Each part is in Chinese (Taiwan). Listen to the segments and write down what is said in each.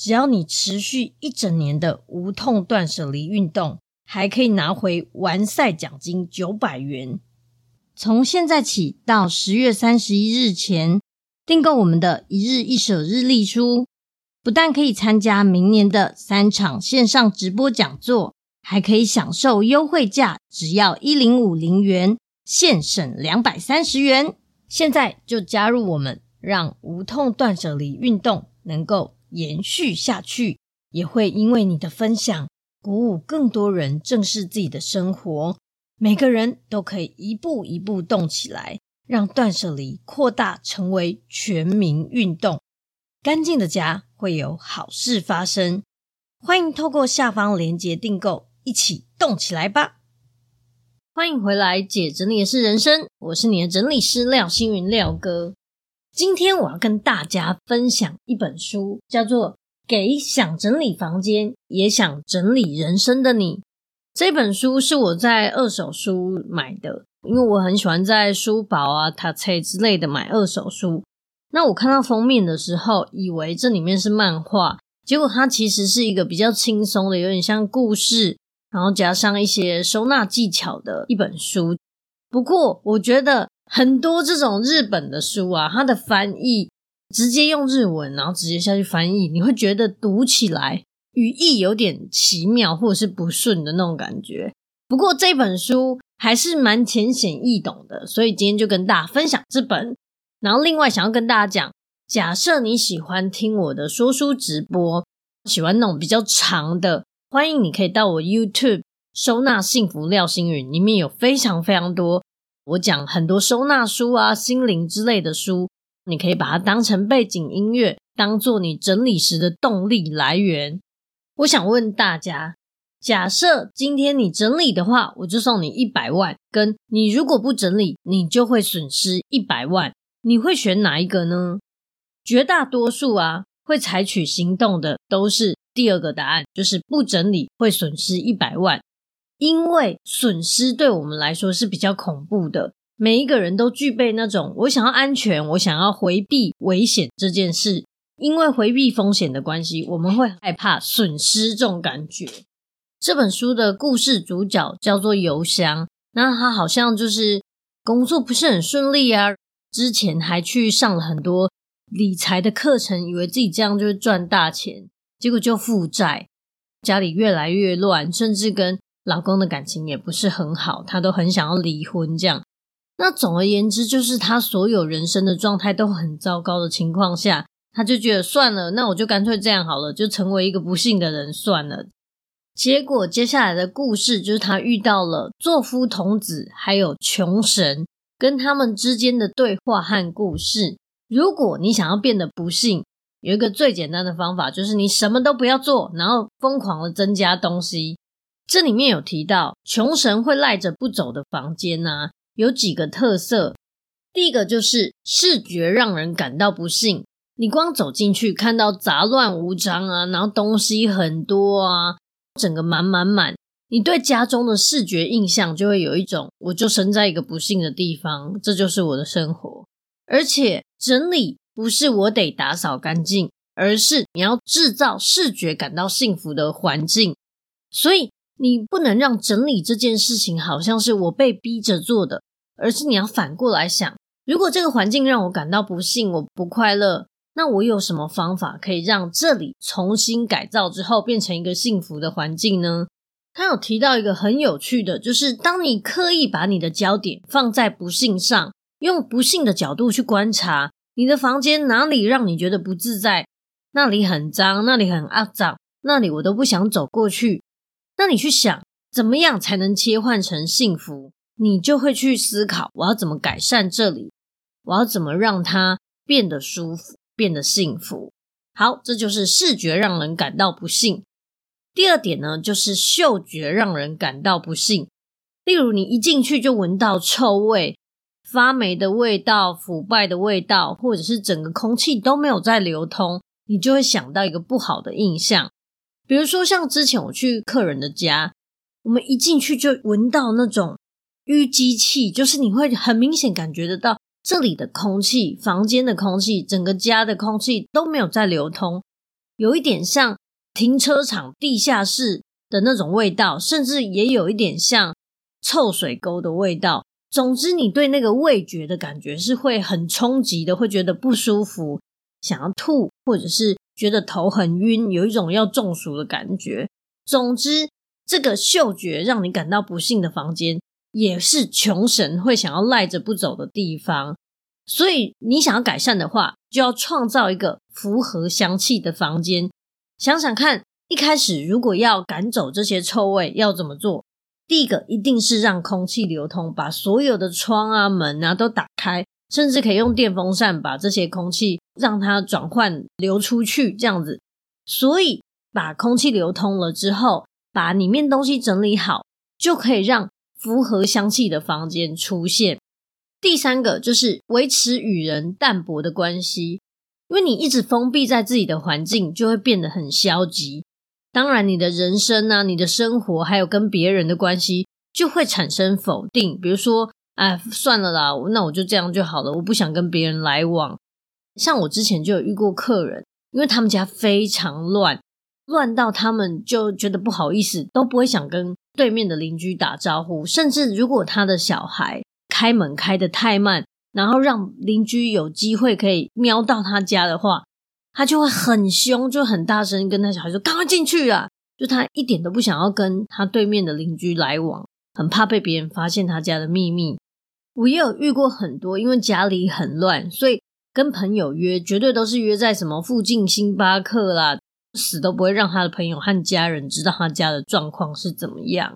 只要你持續一整年的無痛斷捨離運動，還可以拿回完賽獎金九百元。從現在起到十月三十一日前訂購我們的“一日一捨”日曆書，不但可以參加明年的三場線上直播講座，還可以享受優惠價，只要一零五零元，現省兩百三十元。現在就加入我們，讓無痛斷捨離運動能夠。延續下去，也會因為你的分享，鼓舞更多人正視自己的生活。每個人都可以一步一步動起來，讓斷捨離擴大成為全民運動。乾淨的家會有好事發生。歡迎透過下方鏈接訂購，一起動起來吧！歡迎回來，姐整理的是人生，我是你的整理師廖心筠，廖哥。今天我要跟大家分享一本書，叫做《給想整理房間也想整理人生的你》。這本書是我在二手書買的，因為我很喜歡在書寶啊、塔塞之類的買二手書。那我看到封面的時候，以為這裡面是漫畫，結果它其實是一個比較輕鬆的，有點像故事，然後加上一些收納技巧的一本書。不過，我覺得。很多這種日本的書啊，它的翻譯直接用日文，然後直接下去翻譯，你會覺得讀起來語義有點奇妙或者是不順的那種感覺。不過這本書還是蠻淺顯易懂的，所以今天就跟大家分享這本。然後另外想要跟大家講，假設你喜歡聽我的說書直播，喜歡那種比較長的，歡迎你可以到我 YouTube 收納幸福廖心筠，裡面有非常非常多。我講很多收納書啊、心靈之類的書，你可以把它當成背景音樂，當做你整理時的動力來源。我想問大家，假設今天你整理的話，我就送你一百萬；跟你如果不整理，你就會損失一百萬，你會選哪一個呢？絕大多數啊，會採取行動的都是第二個答案，就是不整理會損失一百萬。因為損失對我們來說是比較恐怖的，每一個人都具備那種我想要安全，我想要回避危險這件事。因為回避風險的關係，我們會害怕損失這種感覺。這本書的故事主角叫做游祥，那他好像就是工作不是很順利啊，之前還去上了很多理財的課程，以為自己這樣就會賺大錢，結果就負債，家裡越來越亂，甚至跟老公的感情也不是很好，他都很想要離婚這樣。那總而言之，就是他所有人生的狀態都很糟糕的情況下，他就覺得算了，那我就乾脆這樣好了，就成為一個不幸的人算了。結果接下來的故事就是他遇到了座敷童子，還有窮神，跟他們之間的對話和故事。如果你想要變得不幸，有一個最簡單的方法，就是你什麼都不要做，然後瘋狂的增加東西。這裡面有提到，窮神會賴着不走的房間呢，啊，有幾個特色。第一個就是視覺讓人感到不幸，你光走進去看到雜亂無章啊，然後東西很多啊，整個滿滿滿，你對家中的視覺印象就會有一種，我就生在一個不幸的地方，這就是我的生活。而且整理不是我得打掃乾淨，而是你要制造視覺感到幸福的環境，所以，你不能讓整理這件事情好像是我被逼着做的，而是你要反過來想：如果這個環境讓我感到不幸、我不快樂，那我有什麼方法可以讓這裡重新改造之後變成一個幸福的環境呢？他有提到一個很有趣的就是，當你刻意把你的焦點放在不幸上，用不幸的角度去觀察你的房間，哪裡讓你覺得不自在？那裡很髒，那裡很骯髒，那裡我都不想走過去。那你去想怎麼樣才能切換成幸福，你就會去思考我要怎麼改善這裡，我要怎麼讓它變得舒服，變得幸福。好，這就是視覺讓人感到不幸。第二點呢，就是嗅覺讓人感到不幸。例如，你一進去就聞到臭味、發黴的味道、腐敗的味道，或者是整個空氣都沒有在流通，你就會想到一個不好的印象。比如說，像之前我去客人的家，我們一進去就聞到那種淤積氣，就是你會很明顯感覺得到這裡的空氣、房間的空氣、整個家的空氣都沒有在流通，有一點像停車場地下室的那種味道，甚至也有一點像臭水溝的味道。總之，你對那個味覺的感覺是會很衝擊的，會覺得不舒服，想要吐，或者是。覺得頭很暈，有一種要中暑的感覺。總之，這個嗅覺讓你感到不幸的房間，也是窮神會想要賴着不走的地方。所以，你想要改善的話，就要創造一個符合香氣的房間。想想看，一開始如果要趕走這些臭味，要怎麼做？第一個，一定是讓空氣流通，把所有的窗啊、門啊都打開。甚至可以用電風扇把這些空氣讓它轉換流出去，這樣子，所以把空氣流通了之後，把裡面東西整理好，就可以讓符合香氣的房間出現。第三個就是維持與人淡薄的關係，因為你一直封閉在自己的環境，就會變得很消極。當然，你的人生呢、啊，你的生活還有跟別人的關係，就會產生否定。比如說，哎，算了啦，那我就這樣就好了。我不想跟別人來往。像我之前就有遇過客人，因為他們家非常亂，亂到他們就覺得不好意思，都不會想跟對面的鄰居打招呼。甚至如果他的小孩開門開的太慢，然後讓鄰居有機會可以瞄到他家的話，他就會很凶，就很大聲跟他小孩說：“趕快進去啊！”就他一點都不想要跟他對面的鄰居來往。很怕被別人發現他家的秘密。我也有遇過很多，因為家裡很亂，所以跟朋友約絕對都是約在什麼附近星巴克啦，死都不會讓他的朋友和家人知道他家的狀況是怎麼樣。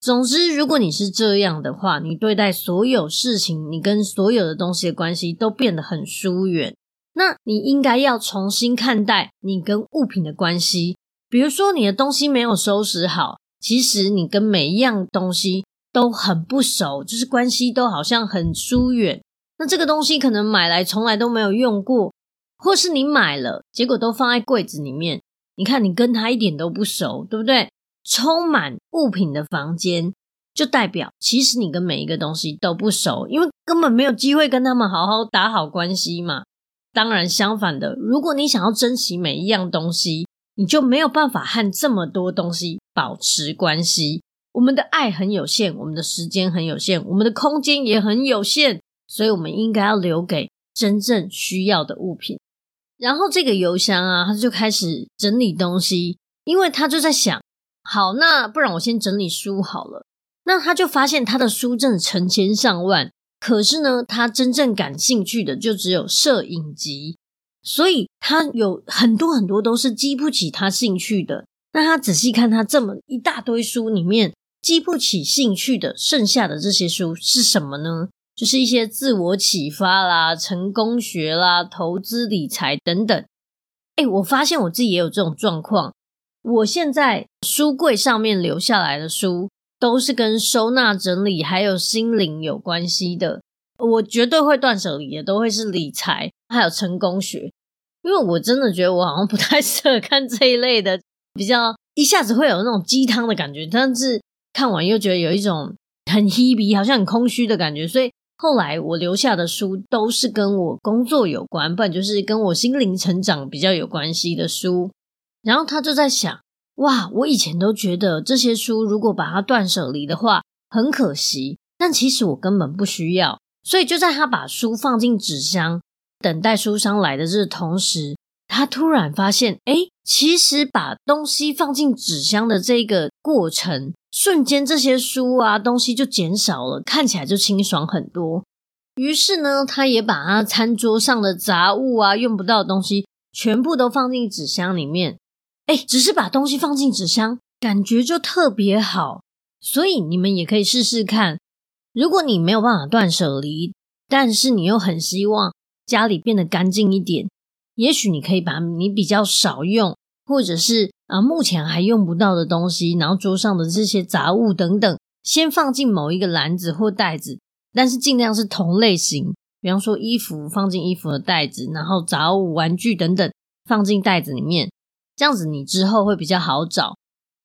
總之，如果你是這樣的話，你對待所有事情，你跟所有的東西的關係都變得很疏遠。那你應該要重新看待你跟物品的關係。比如說你的東西沒有收拾好，其實你跟每一樣東西。都很不熟，就是關係都好像很疏遠。那這個東西可能買來從來都沒有用過，或是你買了，結果都放在櫃子裡面。你看，你跟他一點都不熟，對不對？充滿物品的房間，就代表其實你跟每一個東西都不熟，因為根本沒有機會跟他們好好打好關係嘛。當然，相反的，如果你想要珍惜每一樣東西，你就沒有辦法和這麼多東西保持關係。我們的愛很有限，我們的時間很有限，我們的空間也很有限，所以我們應該要留給真正需要的物品。然後這個郵箱啊，他就開始整理東西，因為他就在想：好，那不然我先整理書好了。那他就發現他的書真的成千上萬，可是呢，他真正感興趣的就只有攝影集，所以他有很多很多都是激不起他興趣的。那他仔細看他這麼一大堆書裡面。激不起興趣的，剩下的這些書是什麼呢？就是一些自我啟發啦、成功學啦、投資理財等等。哎，我發現我自己也有這種狀況。我現在書櫃上面留下來的書，都是跟收納整理還有心靈有關係的。我絕對會斷捨離的，都會是理財還有成功學，因為我真的覺得我好像不太適合看這一類的，比較一下子會有那種雞湯的感覺，但是，看完又覺得有一種很 h o b 好像很空虛的感覺。所以後來我留下的書都是跟我工作有關，不然就是跟我心靈成長比較有關係的書。然後他就在想：哇，我以前都覺得這些書如果把它斷舍離的話很可惜，但其實我根本不需要。所以就在他把書放進紙箱，等待書商來的這同時，他突然發現：哎，其實把東西放進紙箱的這個過程。瞬間，這些書啊東西就減少了，看起來就清爽很多。於是呢，他也把他餐桌上的雜物啊、用不到的東西全部都放進紙箱裡面。哎，只是把東西放進紙箱，感覺就特別好。所以你們也可以試試看，如果你沒有辦法斷捨離，但是你又很希望家裡變得乾淨一點，也許你可以把你比較少用。或者是啊，目前還用不到的東西，然後桌上的這些雜物等等，先放進某一個籃子或袋子，但是盡量是同類型，比方說衣服放進衣服的袋子，然後雜物、玩具等等放進袋子裡面，這樣子你之後會比較好找。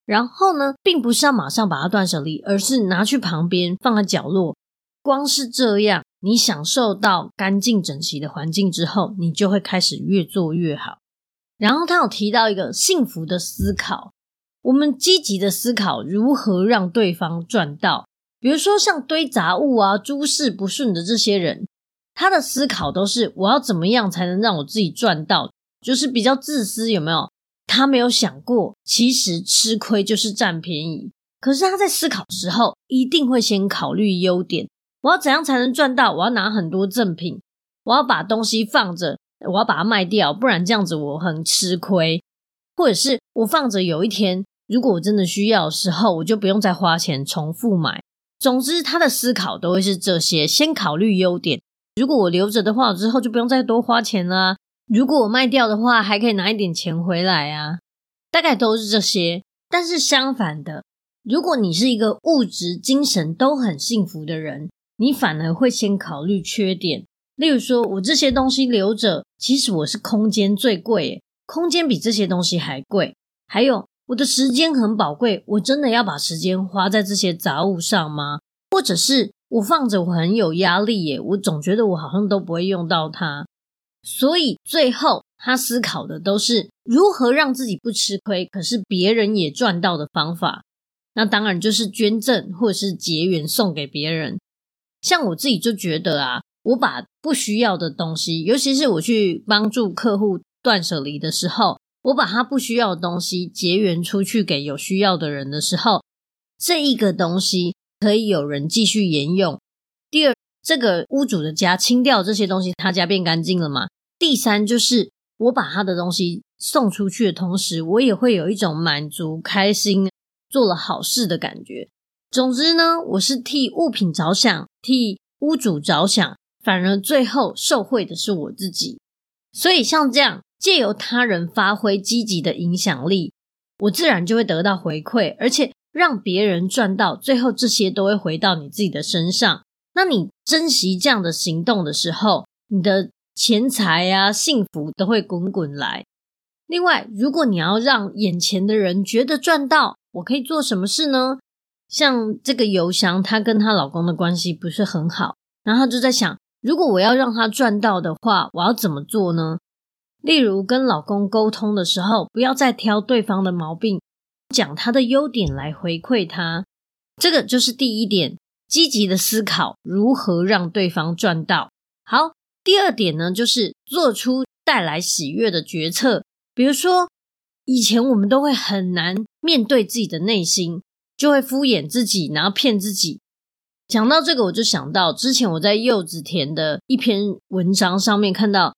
然後呢，並不是要馬上把它斷捨離，而是拿去旁邊放在角落。光是這樣，你享受到乾淨整齊的環境之後，你就會開始越做越好。然後他有提到一個幸福的思考，我們積極的思考如何讓對方賺到，比如說像堆雜物啊、諸事不順的這些人，他的思考都是我要怎麼樣才能讓我自己賺到，就是比較自私，有沒有？他沒有想過，其實吃虧就是佔便宜。可是他在思考的時候，一定會先考慮優點，我要怎樣才能賺到？我要拿很多贈品，我要把東西放着。我要把它賣掉，不然這樣子我很吃虧，或者是我放着，有一天如果我真的需要的時候，我就不用再花錢重複買。總之，他的思考都會是這些：先考慮優點，如果我留着的話，之後就不用再多花錢啦啊，如果我賣掉的話，還可以拿一點錢回來啊。大概都是這些。但是相反的，如果你是一個物質、精神都很幸福的人，你反而會先考慮缺點，例如說我這些東西留着。其實我是空間最貴，空間比這些東西還貴。還有我的時間很寶貴，我真的要把時間花在這些雜物上嗎？或者是我放着，我很有壓力耶，我總覺得我好像都不會用到它。所以最後他思考的都是如何讓自己不吃虧，可是別人也賺到的方法。那當然就是捐贈或者是結緣送給別人。像我自己就覺得啊。我把不需要的東西，尤其是我去幫助客戶斷捨離的時候，我把他不需要的東西結緣出去給有需要的人的時候，這一個東西可以有人繼續沿用。第二，這個屋主的家清掉這些東西，他家變乾淨了嘛。第三，就是我把他的東西送出去的同時，我也會有一種滿足、開心、做了好事的感覺。總之呢，我是替物品着想，替屋主着想。反而最後受惠的是我自己，所以像這樣借由他人發揮積極的影響力，我自然就會得到回饋，而且讓別人賺到，最後這些都會回到你自己的身上。那你珍惜這樣的行動的時候，你的錢財啊、幸福都會滾滾來。另外，如果你要讓眼前的人覺得賺到，我可以做什麼事呢？像這個郵箱，她跟她老公的關係不是很好，然後她就在想。如果我要讓他賺到的話，我要怎麼做呢？例如跟老公溝通的時候，不要再挑對方的毛病，講他的優點來回饋他。這個就是第一點，積極的思考如何讓對方賺到。好，第二點呢，就是做出帶來喜悅的決策。比如說，以前我們都會很難面對自己的內心，就會敷衍自己，然後騙自己。講到這個，我就想到之前我在柚子田的一篇文章上面看到，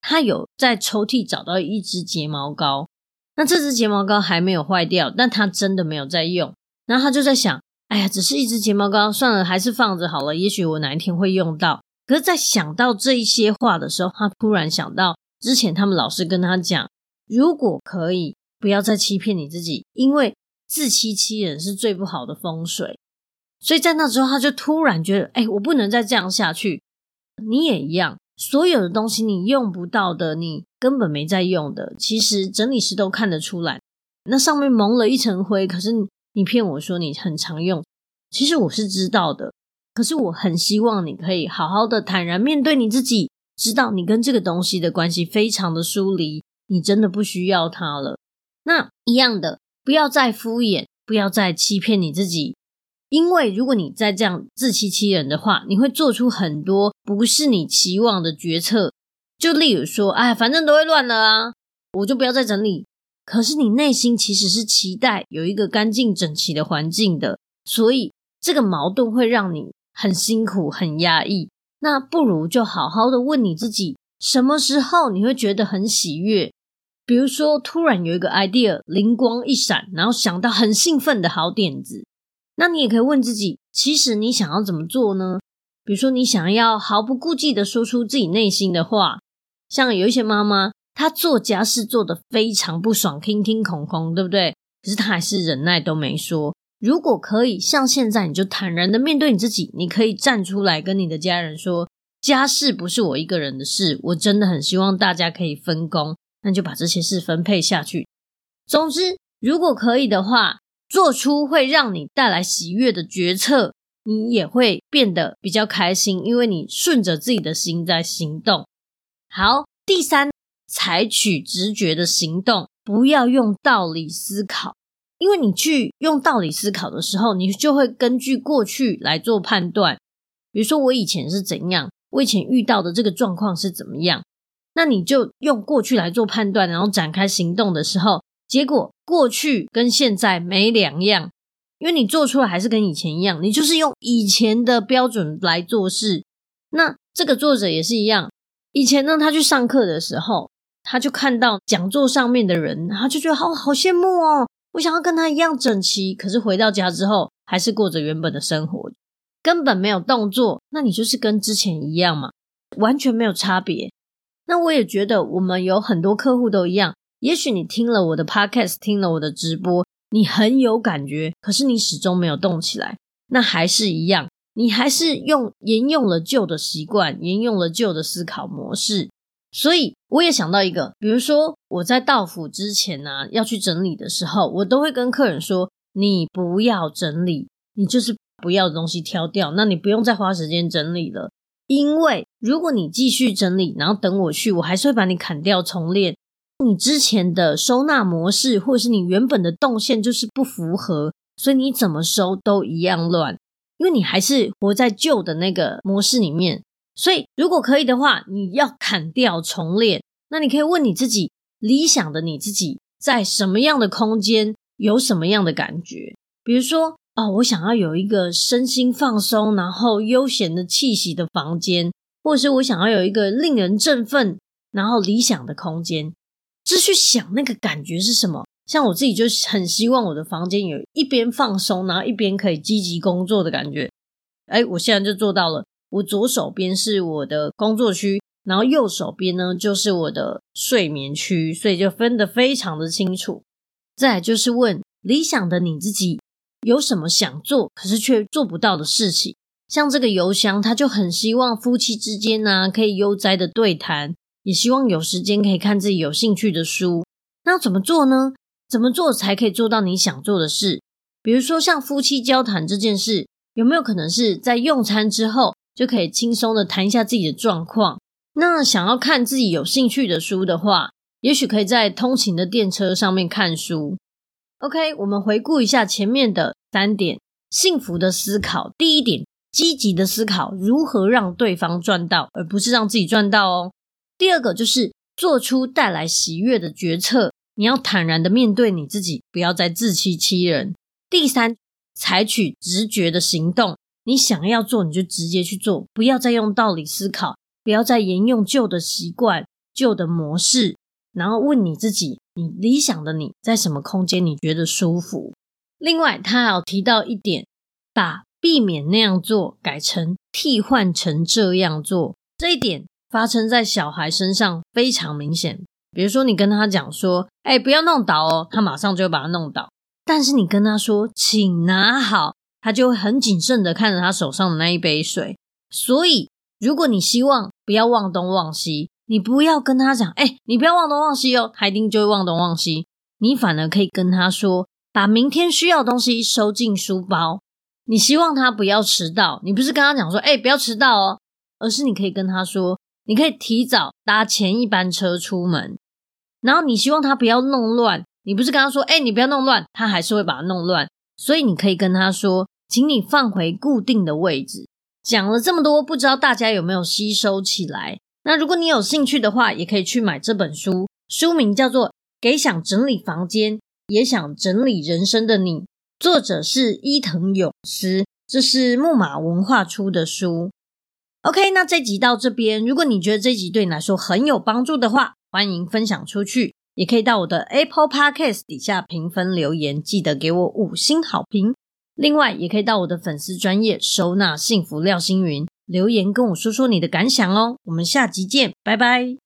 他有在抽屜找到一支睫毛膏，那這支睫毛膏還沒有壞掉，但他真的沒有在用。然後他就在想，哎呀，只是一支睫毛膏，算了，還是放着好了。也許我哪一天會用到。可是，在想到這一些話的時候，他突然想到之前他們老師跟他講，如果可以，不要再欺騙你自己，因為自欺欺人是最不好的風水。所以在那之後，他就突然覺得，哎、欸，我不能再這樣下去。你也一樣，所有的東西你用不到的，你根本沒在用的，其實整理師都看得出來。那上面蒙了一層灰，可是你騙我說你很常用，其實我是知道的。可是我很希望你可以好好的坦然面對你自己，知道你跟這個東西的關係非常的疏離，你真的不需要它了。那一樣的，不要再敷衍，不要再欺騙你自己。因為如果你再這樣自欺欺人的話，你會做出很多不是你期望的決策。就例如說，哎，反正都會亂了啊，我就不要再整理。可是你內心其實是期待有一個乾淨整齊的環境的，所以這個矛盾會讓你很辛苦、很壓抑。那不如就好好的問你自己，什麼時候你會覺得很喜悅？比如說，突然有一個 idea 靈光一閃，然後想到很興奮的好點子。那你也可以問自己，其實你想要怎麼做呢？比如說，你想要毫不顧忌的說出自己內心的話，像有一些媽媽，她做家事做得非常不爽，聽聽恐恐，對不對？可是她還是忍耐都沒說。如果可以，像現在你就坦然的面對你自己，你可以站出來跟你的家人說，家事不是我一個人的事，我真的很希望大家可以分工，那就把這些事分配下去。總之，如果可以的話。做出會讓你帶來喜悅的決策，你也會變得比較開心，因為你順着自己的心在行動。好，第三，採取直覺的行動，不要用道理思考，因為你去用道理思考的時候，你就會根據過去來做判斷。比如說，我以前是怎樣，我以前遇到的這個狀況是怎麼樣，那你就用過去來做判斷，然後展開行動的時候。結果過去跟現在沒兩樣，因為你做出來還是跟以前一樣，你就是用以前的標準來做事。那這個作者也是一樣，以前呢，他去上課的時候，他就看到講座上面的人，他就覺得好好羨慕哦，我想要跟他一樣整齊。可是回到家之後，還是過着原本的生活的，根本沒有動作。那你就是跟之前一樣嘛，完全沒有差別。那我也覺得我們有很多客戶都一樣。也許你聽了我的 podcast，聽了我的直播，你很有感覺，可是你始終沒有動起來，那還是一樣，你還是用沿用了舊的習慣，沿用了舊的思考模式。所以我也想到一個，比如說我在到府之前呢，要去整理的時候，我都會跟客人說：“你不要整理，你就是不要的東西挑掉，那你不用再花時間整理了。因為如果你繼續整理，然後等我去，我還是會把你砍掉重練。”你之前的收納模式，或是你原本的動線，就是不符合，所以你怎麼收都一樣亂，因為你還是活在舊的那個模式裡面。所以，如果可以的話，你要砍掉重練。那你可以問你自己：理想的你自己在什麼樣的空間，有什麼樣的感覺？比如說，哦，我想要有一個身心放鬆，然後悠閒的氣息的房間，或者是我想要有一個令人振奮，然後理想的空間。是去想那個感覺是什麼？像我自己就很希望我的房間有一邊放鬆，然後一邊可以積極工作的感覺。哎，我現在就做到了。我左手邊是我的工作區，然後右手邊呢就是我的睡眠區，所以就分得非常的清楚。再來就是問理想的你自己有什麼想做，可是卻做不到的事情。像這個郵箱，它就很希望夫妻之間呢、啊、可以悠哉的對談。也希望有時間可以看自己有興趣的書。那怎麼做呢？怎麼做才可以做到你想做的事？比如說，像夫妻交談這件事，有沒有可能是在用餐之後就可以輕鬆地談一下自己的狀況？那想要看自己有興趣的書的話，也許可以在通勤的電車上面看書。OK，我們回顧一下前面的三點，幸福的思考。第一點，積極的思考如何讓對方賺到，而不是讓自己賺到哦。第二個就是做出帶來喜悅的決策，你要坦然的面對你自己，不要再自欺欺人。第三，採取直覺的行動，你想要做你就直接去做，不要再用道理思考，不要再沿用舊的習慣、舊的模式，然後問你自己：你理想的你在什麼空間你覺得舒服？另外，他還有提到一點，把避免那樣做改成替換成這樣做，這一點。發生在小孩身上非常明顯。比如說，你跟他講說：“哎、欸，不要弄倒哦。”他馬上就會把它弄倒。但是你跟他說：“請拿好。”他就會很謹慎的看着他手上的那一杯水。所以，如果你希望不要忘東忘西，你不要跟他講：“哎、欸，你不要忘東忘西哦。”他一定就會忘東忘西。你反而可以跟他說：“把明天需要的東西收進書包。”你希望他不要遲到，你不是跟他講說：“哎、欸，不要遲到哦。”而是你可以跟他說，你可以提早搭前一班車出門。然後你希望他不要弄亂，你不是跟他說，哎、欸，你不要弄亂，他還是會把它弄亂，所以你可以跟他說，請你放回固定的位置。講了這麼多，不知道大家有沒有吸收起來？那如果你有興趣的話，也可以去買這本書，書名叫做《給想整理房間，也想整理人生的你》，作者是伊藤勇司，這是木馬文化出的書。OK，那這集到這邊。如果你覺得這集對你來說很有幫助的話，歡迎分享出去，也可以到我的 Apple Podcast 底下評分留言，記得給我五星好評。另外，也可以到我的粉絲專頁收納幸福廖心筠留言，跟我說說你的感想哦。我們下集見，拜拜。